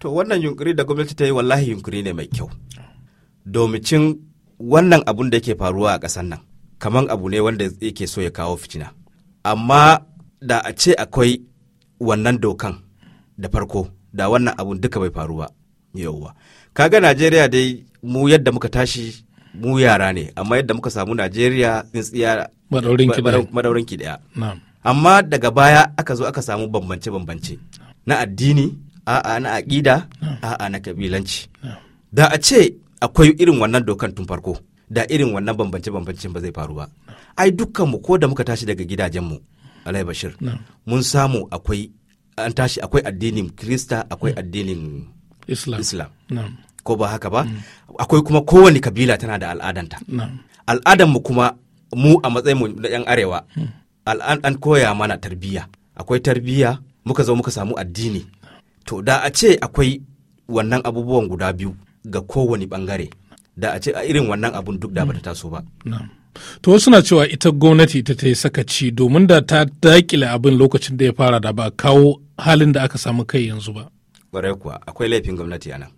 To wannan yunkuri da gwamnati ta yi wallahi yunkuri ne mai kyau. Domicin wannan abun da yake faruwa a ƙasar nan, kamar abu ne wanda yake so ya kawo fitina. Amma da a ce akwai wannan dokan da farko, da wannan abun duka bai faru ba. Yauwa. Kaga Najeriya dai mu yadda muka tashi mu yara ne, amma yadda muka samu Najeriya tsintsiya madaurin ki daya. Amma daga baya aka zo aka samu bambance-bambance na addini a'a na aƙida a'a na kabilanci da a ce akwai irin wannan dokan tun farko da irin wannan bambance-bambancen ba zai faru ba ai dukkanmu ko da muka tashi daga gidajenmu alai bashir mun samu akwai an tashi akwai addinin krista akwai mm. addinin islam, ko ba haka ba mm. akwai kuma kowane kabila tana da al'adanta al'adanmu kuma mu a matsayinmu na 'yan arewa mm. al'an an koya mana tarbiyya akwai tarbiyya muka zo muka samu addini to da a ce akwai wannan abubuwan guda biyu ga kowane bangare da a ce a irin wannan abun duk da bata taso ba to suna cewa ita gwamnati ta ta yi sakaci domin da ta dakile abin lokacin da ya fara da ba kawo halin da aka samu kai yanzu ba ƙwarai kuwa akwai laifin gwamnati a nan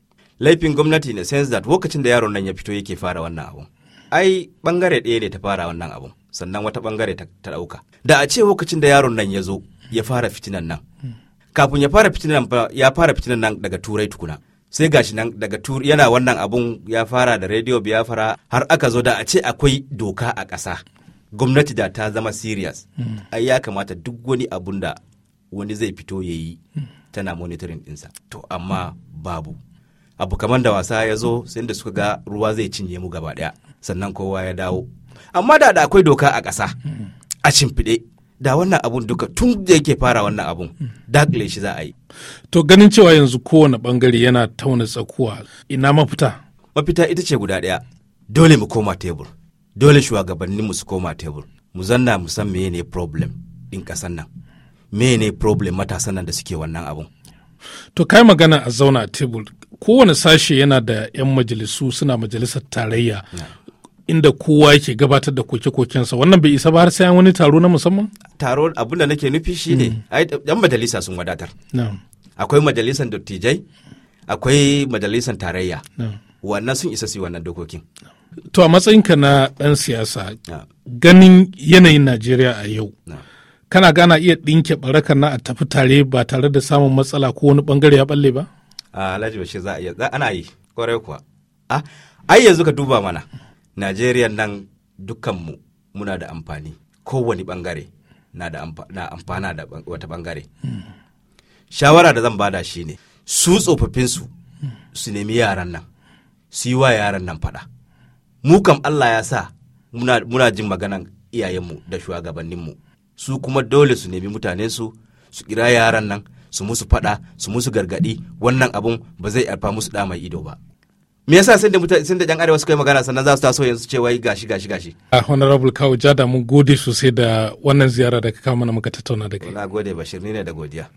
laifin gwamnati ne sense that lokacin da yaron nan ya fito yake fara wannan abun ai bangare ɗaya ne ta fara wannan abun sannan wata bangare ta ɗauka da a ce lokacin da yaron nan ya zo ya fara fitinan nan kafin ya fara nan ya fara fitinan nan daga turai tukuna sai gashi nan daga turai yana wannan abun ya fara da radio biafra har aka zo da a ce akwai doka a ƙasa gwamnati da ta zama serious hmm. ai ya kamata duk wani abun da wani zai fito ya yi hmm. tana monitoring dinsa to amma babu abu kamar da wasa ya zo sai da suka ga ruwa zai cinye mu gaba ɗaya sannan kowa ya dawo amma da da akwai doka a ƙasa hmm. a cimfiɗe da wannan abun duka tun da yake fara wannan abun hmm. dakile shi za a yi to ganin cewa yanzu kowane bangare yana tauna tsakuwa ina mafita mafita ita ce guda ɗaya dole mu koma tebur dole shugabannin mu su koma tebur mu zanna mu san meye ne problem ɗin ƙasan nan meye ne problem matasan nan da suke wannan abun to kai magana a zauna a tebur kowane sashe yana da 'yan majalisu suna majalisar tarayya inda kowa yake gabatar da koke-kokensa wannan bai isa ba har sai an wani taro na musamman taro abin da nake nufi shine ne mm. yan majalisa sun wadatar akwai majalisan dattijai akwai majalisan tarayya wannan sun isa su wannan dokokin to a matsayinka na ɗan siyasa ganin yanayin najeriya a yau kana gana iya ɗinke barakar na a tafi tare ba tare da samun matsala ko wani bangare ya balle ba alhaji bashir za a iya ana yi kwarai kuwa ai yanzu ka duba mana najeriya nan dukkanmu muna da amfani kowane bangare na da amfana da wata bangare shawara da zan bada shi ne su tsofaffinsu su nemi yaran nan su yi wa yaran nan faɗa mu kam allah ya sa muna jin maganan iyayenmu da shugabanninmu su kuma dole su nemi mutanensu su su kira yaran nan su musu faɗa su musu gargaɗi wannan abun ba zai alfa musu ɗa mai ido ba me yasa sai da mutane da yan arewa suka yi magana sannan za su taso yanzu ce wai gashi gashi gashi a honorable kawo jada mun gode sosai da wannan ziyara da ka kawo mana muka tattauna da kai na gode bashir ne da godiya